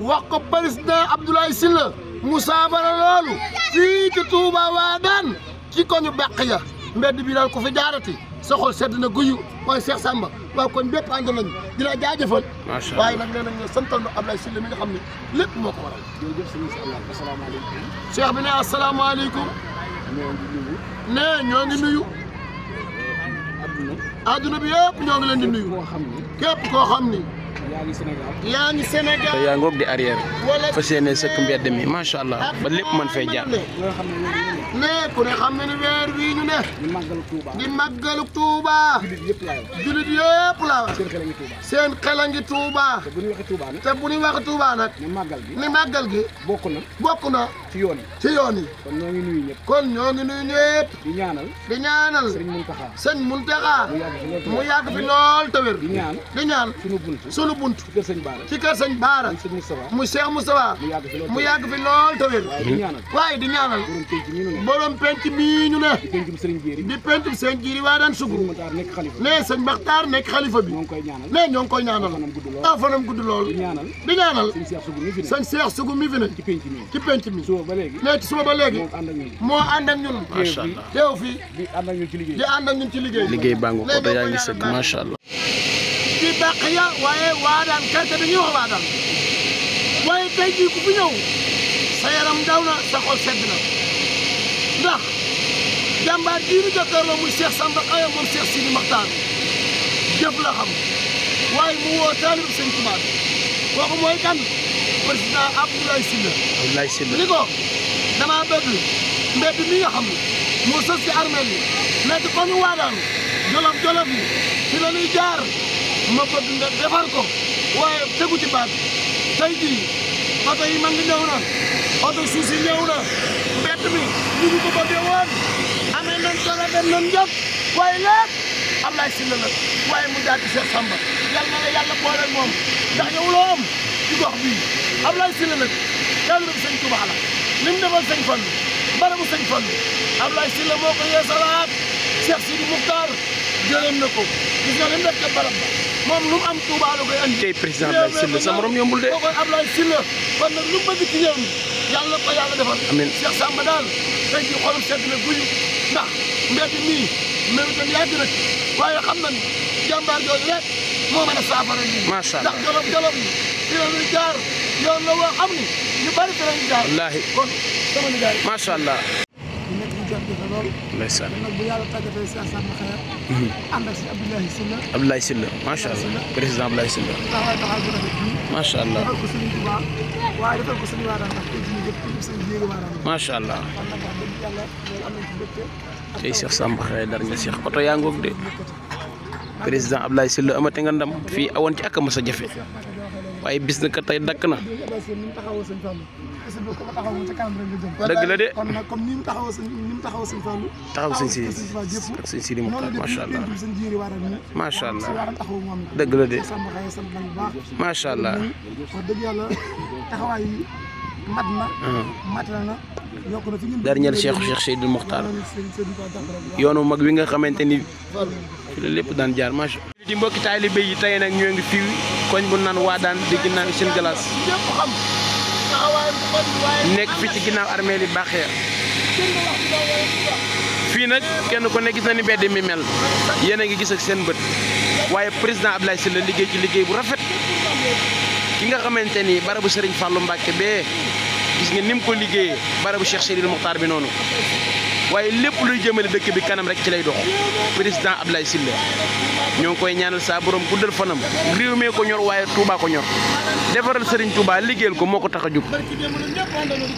wax ko président Abdoulaye Sylla mu saafara loolu fii ci Touba Wadane ci koñu bàq ya mbedd bi daal ko fi jaarati sa sedd na guyu waaye Cheikh Samba waa kon bépp ànd nañu di la jaajëfal. macha allah waaye nag nee nañu santal ma mi nga xam ne lépp moo ko waral. jërëjëf sëñ bi asalaamaaleykum. Cheikh bi ne asalaamaaleykum. nee ñoo ngi nuyu. adduna bi yëpp ñoo ngi leen nuyu. képp koo xam ni. yaa ngi Sénégal. yaa ngi Sénégal te yaa ngoog di arrière. wala fas sëkk mbedd mi macha allah ba lépp mën fay jaar. mais ku ne xam na ne weer wii ne. di màggalu Touba jullit yëpp la seen xel a ngi Touba. a ngi Touba. te bu ñu waxee Touba nag. ni màggal gi bokk na bokk na. ci yoon yi ci yoon yi. kon ñoo ngi nuyu ñëpp. kon ñoo ngi nuyu ñëpp. di ñaanal. di Muntaxa. mu yàgg fi lool te wér. di ñaan sunu bunt ci kër sëñ Baara ci kër sëñ Baara mu Cheikh Moustapha mu yàgg fi lool te waaye di ñaanal borom penc mii ne di penc sëñ Jiiri waa daan sugu ne sëñ Maxtaar nekk xalifa bi ne ñoo koy ñaanal aw fanam gudd lool di ñaanal sëñ Cheikh Sugu mi fi ne ci penc mi ne ci suba ba léegi moo ànd ak ñun teew fii di ànd ñun ci liggéey baa ngi ko yaa ngi sëkk bàqiya waaye waadaan karte dañuy wax waadaan waaye tey jii ku fi ñëw sa yaram daw na sa xol sedd na ndax jàmbaar jii nu jàkkaarloo muy Cheikh Samba Aya moom Cheikh Sidi Maxtaar jëf la xam waaye mu woo taalib sëñ Tuubaa bi kooku mooy kan président Abdoulaye Sylla Abdoulaye Sylla ni ko damaa bëgg mbedd mi nga xam ne moo sës ci armée bi nekk comme waadaan jolof jolof ma bëgg nga a ko waaye tegu ci baat tey jii oto yi mag ñëw na oto suuf si ñëw na mbett mi ñu ko bëggee woon amee nañ solo dem nañ njëkk waaye lépp Ablaye Sylla la waaye mu daal di Cheikh Samba yàlla na la yàlla boole moom ndax yow loo am ci gox bii Ablaye Sylla la yàlla sëñ Tuubaa la li mu defal sëñ Fallu barabu sëñ Fallu Ablaye Sylla moo ko yeesalaat Cheikh Sidi Muxtaar jëloon na ko gis nga li mu def ca ba moom lu mu am Touba la koy andi. tey président Ablaye Sylla sa morom yombul de. kooku Ablaye Sylla kon nag lu bëgg ci yéen yàlla ko yàlla defal. amiin Cheikh Samba daal tey jii xolam sedd na guy ndax mbedd mii mbedd tam yàgg na ci xam nañ jàmbaar jooju rek moo mën a saafara lii. macha allah ndax jolof jolof yi fi la jaar xam ni ñu bari fi la ñu ndeysaan nag bu si Assane Xaya. Mhm. allah président Abdoulaye Sylla. taxawaay taxawaay bu rafet bii. allah defal allah kon nag wax am nañ ci mbégte. tey Xaya dara nga oto yaa ngoog de président Abdoulaye Sylla amate nga ndam fii awoon ci ak a mës a jafe. waaye bis na kat dakk na. dëgg la de. taxaw sëñ si ak sëñ si di mu tax macha allah macha allah dëgg la de macha allah. mat na mat na yokk na fi ñun dernier Cheikh Cheikh Seydil Mokhtar yoonu mag wi nga xamante ni lépp daan jaar macha allah. di mbokki taalibe yi tey nag ñoo ngi fii. koñ bu naan daan di ginnaaw Sine Galaas nekk fi ci ginnaaw armée li baaxee fii nag kenn ku ne gis na ni mbedd mi mel yéen a ngi gis ak seen bët waaye président Abdoulaye Sylla liggéey ci liggéey bu rafet ki nga xamante ni barabu sëriñ Fallou Mbacke bee gis nga nim ko liggéeyee barabu Cheikh Seydil Mokhtar bi noonu. waaye lépp luy jëmale dëkk bi kanam rek ci lay dox président Abdoulaye Sylla ñoo ngi koy ñaanal saa borom guddal fanam réew mee ko ñor waaye Touba ko ñor defaral sëriñ Touba liggéeyal ko moo ko tax a jóg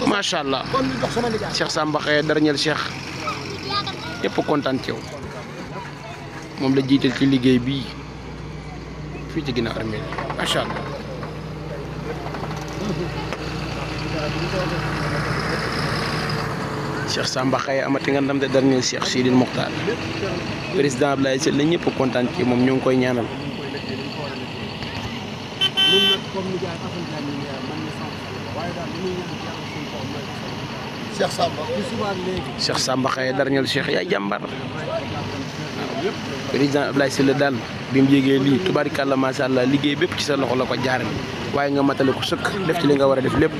macha allah Cheikh Samba Xeye dernier Cheikh yëpp kontaan ci yow moom la jiital ci liggéey bii fii ci ginnaaw armée bi allah. Cheikh Samba Xaye amati nga ndam de dernier Cheikh Sidil Mokhtar président lay Sall la kontaan ci moom ñu koy ñaanal. Cheikh Samba Cheikh Samba Xaye dernier Cheikh jàmbar waaw président Abdoulaye Sall daal bi mu yégee lii tubaarikàlla macha allah liggéey bépp ci sa loxo la ko jaar bi waaye nga matale ko sëkk def ci li nga war a def lépp.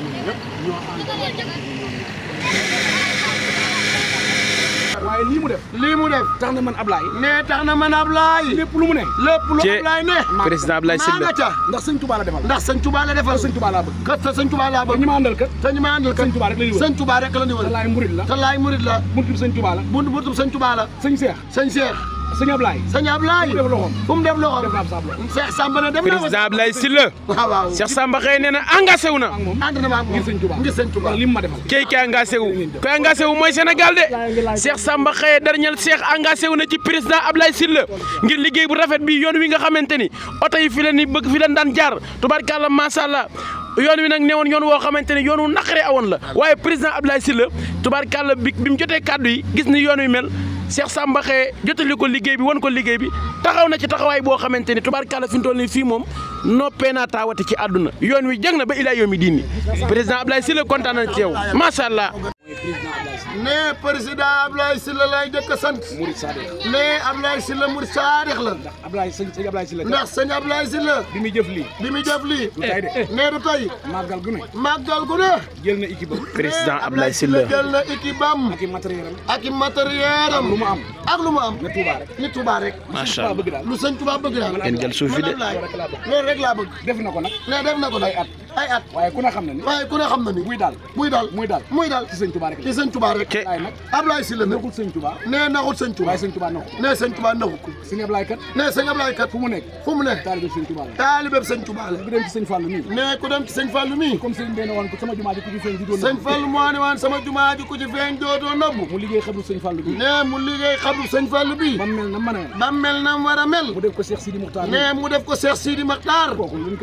waaye lii mu def tax na man Ablaye ne tax na man Ablaye lépp lu mu ne lépp lu Ablaye ne président Ablaye Sylla nga ca ndax sëñ Touba la defal ndax sëñ Touba la defal sëñ Touba laa bëgg kat sa sëñ Touba laa bëgg laay murid la te laay murid la buntub sëñ Touba la buntub sëñ Touba la sëñ Ablaye sëñ Ablaye fu mu def loxoom Cheikh Samba na dem na président Ablaye Sylla waaw waaw Samba xëy na engagé wu na entraînement ngir sëñ Touba li mu ma defal kii ki engagé wu ki engagé wu mooy Sénégal de Cheikh Samba xëy dernier Cheikh engagé wu na ci président Ablaye Sylla ngir liggéey bu rafet bi yoon wi nga xamante ni oto yi fi ni bëgg fi leen daan jaar tubaarkàlla macha allah yoon wi nag ne yoon woo xamante ne yoon wu naqaree awoon la waaye président Ablaye Sylla tubaarkàlla bi bi mu jotee kàddu yi gis ni yoon wi mel Cheikh Samba Xeye jotali ko liggéey bi wan ko liggéey bi taxaw na ci taxawaay boo xamante ni tubaarkàlla fi mu toll nii fii moom noppee naa taawati ci àdduna yoon wi jëng na ba ilaa yoo mi président Abdoulaye Sylla kontaan na ci yow macha allah. ne président Ablaye Sylla lay njëkk a sant. Mouride Sadikh. ne Ablaye Sylla Mouride Sadikh la. ndax Ablaye sëñ sëñ Ablaye Sylla. ndax sëñ i Sylla. bi lii. bi muy jëf lii. du tey de. Eh, ne du tey. màggal gu ne. màggal gu ne. jël am. président Ablaye Sylla jël na équipe ak i matériel am. ak i matériel am. ak lu mu am. ak lu mu am. ni Touba rek. ni macha allah lu sëñ Touba bëgg daal. ngeen jël suuf bi def na ko ne def na ko nag at. ay waaye ku ne na ni waaye ku muy daal muy daal muy daal muy daal ci sëñ Tuubaa rek ci sëñ Tuubaa rek Ablaye nag Ablaye Sylla nag naxul sëñ Tuubaa nee naxul fu mu nekk fu mu nekk taalibeb sëñ Tuubaa la taalibeb sëñ Tuubaa la ku ku dem ci sëñ Fallou mii ne ku ci feeñ di doon sëñ ne ku ci feeñ dootoo nabbu mu liggéey xabru sëñ Fallou na mën a mel na war a mu def ko Cheikh Sidi Mokhtar nee mu def ko Cheikh Sidi Mokhtar kooku luñ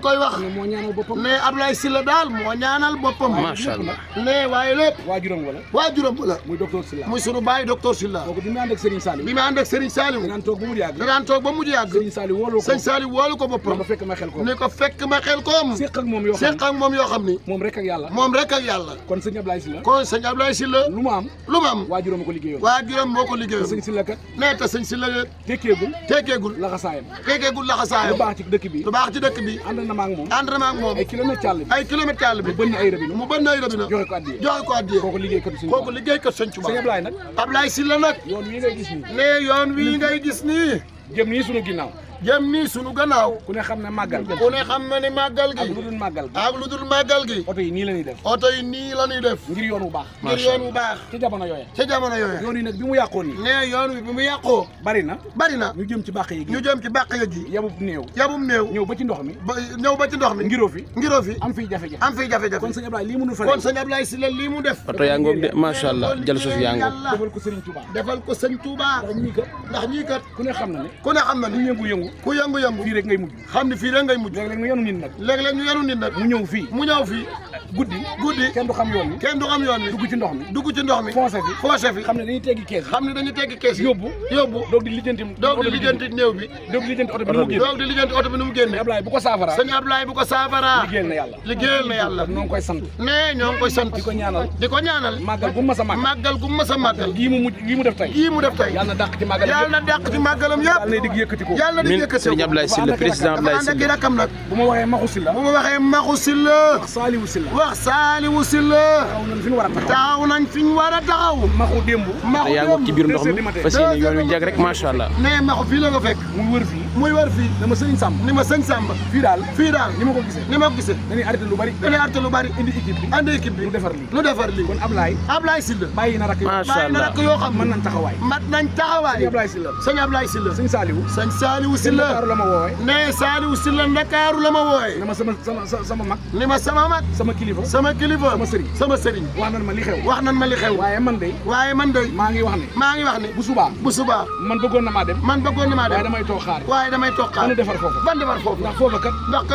koy wax nee moo ñaanal boppam mais Ablaye Sylla daal moo ñaanal boppam macha allah mais waaye lépp waajuram wala waajuram wala muy docteur Sylla muy sunu baay docteur Sylla kooku bi mu ànd ak Serigne Saliou bi mu ànd ak Serigne Saliou da daan toog ba mu yàgg da daan toog ba mu yàgg Serigne Saliou woolu ko Serigne Saliou woolu ko boppam fekk ma xel ko ni ko fekk ma xel koom séq ak moom yoo xam séq ak moom yoo xam ni moom rek ak yàlla moom rek ak yàlla kon sëñ Ablaye Sylla kon sëñ Ablaye Sylla lu mu am lu mu am waajuram moo ko liggéeyoon waajuram moo ko liggéeyoon sëñ Sylla kat mais te sëñ Sylla tekkeegul tekkeegul laxasaayam tekkeegul laxasaayam lu baax ci dëkk bi lu baax ci dëkk bi ànd na maag moom entraînement ak moom ay kilomètre càll bi ay kilomètre càll mu bënn ay mu bënn ay rabina joxe ko addiye joxe ko addiye kooku kooku liggéeykat sëñ Tuubaa sëñ Ablaye nag Ablaye Sylla nag yoon yoon wii ngay gis nii jëm nii sunu ginnaaw jëm nii sunu gannaaw. ku ne xam na màggal gi ne xam na ne màggal gi. ak lu dul màggal gi ak lu dul màggal gi. oto yi nii la ñuy def. oto yi nii la ñuy def. ngir yoon bu baax. ngir yoon bu baax. ci jamono yooya. ci jamono yooya. yoon yi nag bi mu yàqoon nii. yoon wi bi mu yàqoo. bari na bari na. ñu jëm ci bàq yi ñu jëm ci bàq yi. yabub néew. yabub néew. ñëw ba ci ndox mi. ba ñëw ba ci ndox mi. ngiroo fi ngiroo fi. am fiy jafe-jafe am fiy jafe-jafe. kon sëñ lii mu nu fa kon sëñ si la lii mu def. oto yaa ngoog de macha allah jal suuf yaa ngoog. ko sëñ Touba. defal ko sëñ ku ne xam na ne ku ne xam na ne yëngu yëngu-yëngu ku yëngu-yëngu fii rek ngay mujj xam ne fii rek ngay mujj léeg-léeg ñu yenu nit nag léeg-léeg ñu yenu nit nag mu ñëw fii mu ñëw fii guddi guddi kenn du xam yoon wi kenn du xam yoon wi dugg ci ndox mi dugg ci ndox mi foncé fi foncé fi xam ne dañuy teggi kees xam ne dañuy teggi kees yóbbu yóbbu doog di lijjanti doog di lijjanti néew bi doog di lijjanti oto bi nu mu génn doog di lijjanti oto bi nu mu génn Ablaye bu ko saafara sëñ Ablaye bu ko saafara liggéeyal na yàlla liggéeyal na yàlla ñoo ngi koy sant ne ñoo ngi koy sant di ko ñaanal di ko ñaanal màggal gu mas a màggal màggal gu mas a màggal gii mu mujj gii mu def tey gii mu def tey yàlla na dàq ci màggalam yàlla na dàq ci màggalam yëpp yàlla na digg yëkkati ko yëkkatee Serigne Abdoulaye Sylla président Abdoulaye Sylla dafa rakam nag. bu ma waxee Maxu Sylla. bu ma waxee Maxu Sylla. wax Saliwu Sylla. wax Saliwu Sylla. taxaw nañ fi ñu war a taxaw. Maxu démb. Maxu démb te yaa ngi ci biir ndox mi fas yéene yoon wi jag rek macha allah. nee Maxu fii la nga fekk muy wër fii. muy war fii dama sëñ Samba ni ma sëñ Samba fii daal fii daal ni ma ko gisee ni ma ko gisee dañuy arrêté lu bari dañuy arrêté lu bari indi équipe bi andi équipe bi lu defar lii lu defar lii kon Ablaye Ablaye Sylla bàyyi na rakk bàyyi na rakk yoo xam mën nañ taxawaay mat nañ taxawaay Ablaye Sylla sëñ Ablaye Sylla sëñ Saliou sëñ Saliou Sylla Ndakaaru la ma wooye ne Saliou Sylla Ndakaaru la ma wooye ni ma sama sama sama mag ni ma sama mag sama kilifa sama kilifa sama sëriñ sama sëriñ wax nan ma li xew wax nan ma li xew waaye man day waaye man day maa ngi wax ne maa ngi wax ne bu subaa bu subaa man bëggoon na maa dem man bëggoon na maa dem waaye damay toog xaar waaye damay toog xaar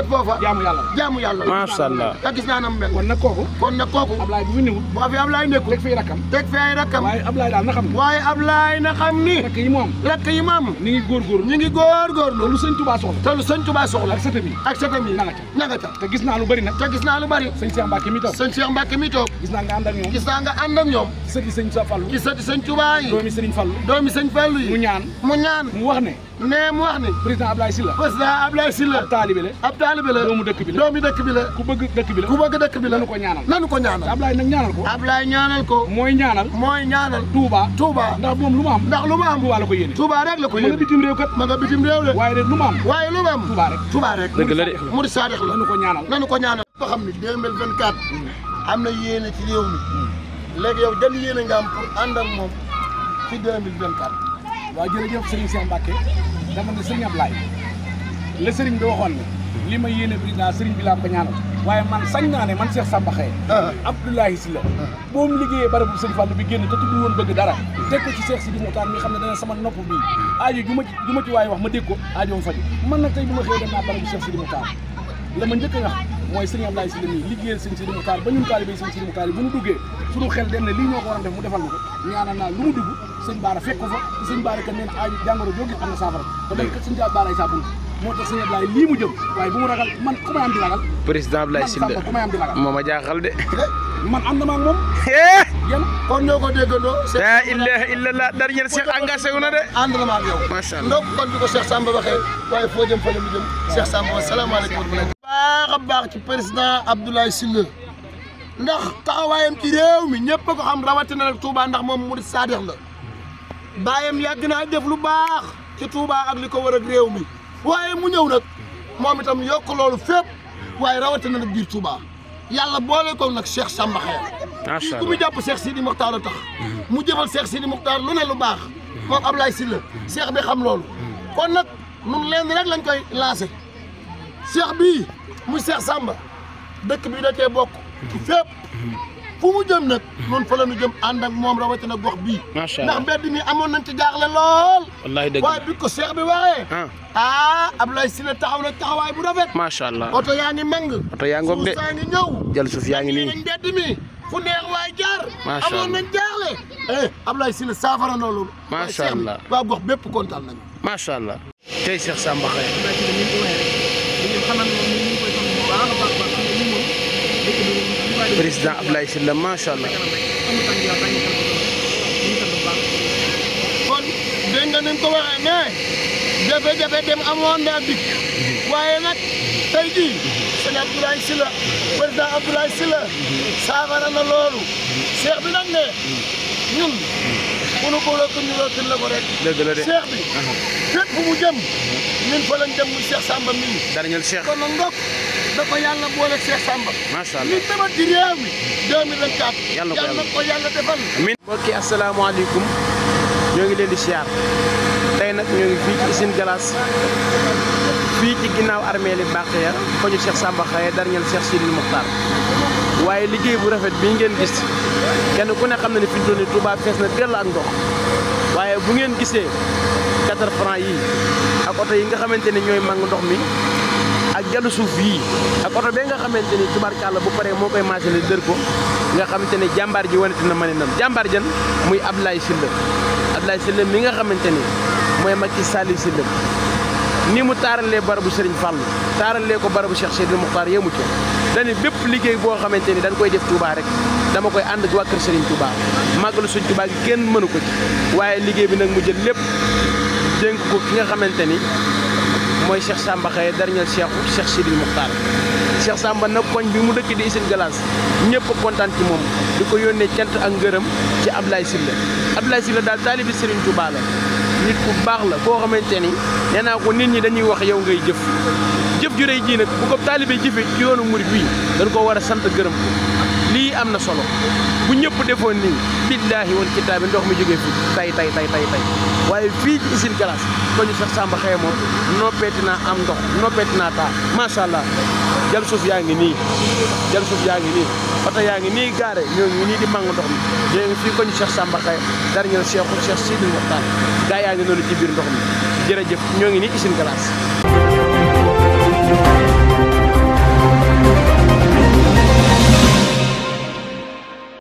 foofa jaamu yàlla la jaamu yàlla la macha allah gis naa nam mel kon nag kooku kon nag kooku Ablaye bu fi newul bu fi Ablaye fi rakkam teg fi ay rakkam waaye Ablaye daal na xam waaye Ablaye na xam ni rakk yi mu am rakk yi mu am ñu ngi góorgóorlu ñu ngi lu sëñ Touba soxla te lu sëñ Touba soxla ak sëtam yi ak sëtam yi na nga ca na nga ca te gis naa lu bëri nag te gis naa lu bëri sëñ Cheikh Mbacke mi toog sëñ Cheikh Mbacke mi toog gis naa nga ànd ak ñoom gis président Ablaye Sylla président Ablaye Sylla ab taalibe la ab taalibe la doomu dëkk bi la doomu dëkk bi la ku bëgg dëkk bi la ku bëgg dëkk bi la nanu ko ñaanal nanu ko ñaanal Ablaye nag ñaanal ko Ablaye ñaanal ko mooy ñaanal mooy ñaanal Touba ndax moom lu ma ndax lu ma am Touba ko yéene Touba rek la ko yéene ma nga bitim réew kat ma nga lu ma am waaye lu ma am rek Touba rek dëgg la de Murid Saadix la nanu ko ñaanal nanu ko ñaanal ba xam mm. am na yéene ci réew mi mm. léegi yow dan yéene nga am pour ànd ak moom ci 2024 waaw jërëjëf Serigne Cheikh dama ne sëriñ Ablaye la sëriñ bi waxoon ne li ma yéene président sëriñ bi laa ko ñaanal waaye man sañ naa ne man Cheikh Samba Xeye ah. Abdoulaye Sylla boo mu liggéeyee barabu sëriñ Fallou bi génn te tudd woon bëgg dara teg ko ci Cheikh Sidi Moukhtar mi xam ne dana sama nopp bii aajo ju ma ju ci waaye wax ma dégg ko aajo faju man na tey bi ma xëy dem naa barabu Cheikh Sidi Moukhtar la ma njëkk a mooy sëriñ Abdoulaye Sylla mii liggéeyal sëñ Sidi Muxtaar ba ñun taalibe sëñ Sidi Muxtaar yi bu ñu duggee suñu xel dem ne lii ñoo ko war a def na ko ko fa te sëñ Baara kat nee na aaju jàngoro jóge am na saafara te day kat moo tax sëñ Abdoulaye moo ma jaaxal de man ànd moom yéen kon ñoo ko déggandoo la ilaha wu na de ànd Allah baax a baax ci président Abdoulaye Sylla ndax taxawaayam ci réew mi ñëpp a ko xam rawatina nag Touba ndax moom murid saadix la baayam yàgg naa def lu baax ci Touba ak li ko war ak réew mi waaye mu ñëw nag moom itam yokk loolu fépp waaye rawatina nag biir Touba yàlla boole ko nag Cheikh Samba Xeer ku mu jàpp Cheikh Sidi Mokhtar a tax mu jëfal Cheikh Sidi Mokhtar lu ne lu baax moom Abdoulaye Sylla Cheikh bi xam loolu kon nag nun leen rek lañ koy lancé seex bii mu seex Samba dëkk bi da cee bokk. fépp fu mu jëm nag. noonu fa la ñu jëm ànd ak moom rawatina gox bii. macha allah ndax mbedd mi amoon nañ ci jaaxle lool. wallaahi dëgg waaye bi ko seex bi waxee. ah, ah Abdoulaye Sylla taxaw na bu rafet. macha allah oto yaa ngi mang. oto yaa ngi ngóob de yaa ngi nii mbedd mi. fu neex waay jaar. macha allah amoon nañ jaaxle. eh Abdoulaye saafara na loolu. macha allah waaw gox bépp kontaan nañu. macha allah. tey Cheikh Samba Xaye. dañuy xamal moom ñu président Abdoulaye Sylla macha allah. kon dégg nga ni ko waxee mais dem amoon naa dikk waaye nag tey jii sëñ Abdoulaye Sylla président Abdoulaye Sylla saafara na loolu seex bi nag ne ñun. bu nu ko lëkk ñu lëkkal la ko rek. dëgg la de seex ñun fa lañ dem mu Cheikh Samba mii. dara ñu Cheikh kon nag ñoo ngi leen di siyaar tey nag ñoo ngi fii ci usine fii ci ginnaaw armée li bàq ya ko ñu Cheikh Samba xëye dara ñu Cheikh Sidil Mokhtar waaye liggéey bu rafet bi ngeen gis kenn ku ne xam na ne fi mu toll fees na dell ak ndox waaye bu ngeen gisee. quatre francs yi ak oto yi nga xamante ni ñooy màng ndox mi ak jalu suuf yii ak oto bee nga xamante ni tubarkàlla bu paree moo koy marché dër ko nga xamante ne jàmbaar ji wanati na mane nam jàmbaar jan muy laay Abdoulaye Sylla Abdoulaye Sylla mi nga xamante ni mooy Macky Sall Sylla ni mu taaralee barabu Serigne Fallou taaralee ko barabu Cheikh Seydil Moukhtar yemu ci dañu bépp liggéey boo xamante ni dañ koy def Touba rek dama koy ànd ak waa kër Serigne Touba màggalu Serigne mënu ko waaye liggéey bi nag mu jël lépp dénk ko ki nga xamante ni mooy Cheikh Samba Xaye dernier Cheikh Cheikh Sidil Muxtaar Cheikh Samba nag koñ bi mu dëkk di Usine Glace ñëpp kontaan ci moom di ko yónnee cant ak ngërëm ci Ablaye Sylla Ablaye Sylla daal taalibi Serigne Touba la nit bu baax la koo xamante ni nee naa ko nit ñi dañuy wax yow ngay jëf jëf ju jii nag bu ko taalibe jëfee ci yoonu murid bii dañ ko war a sant gërëm lii am na solo bu ñëpp defoon nii billaahi wal kitaabi ndox mi jógee fii tay tay tay tay waaye fii ci usine glace ko ñu sax Samba Xeye moom noppeeti naa am ndox noppeeti naa taa macha allah jal suuf yaa ngi nii jal suuf yaa ngi nii oto yaa ngi nii gaare ñoo ngi nii di màng ndox mi léegi fii ko ñu Cheikh Samba Xeye dernier Cheikh Cheikh Sidil gaa yaa ngi noonu ci biir ndox mi jërëjëf ñoo ngi nii usine glace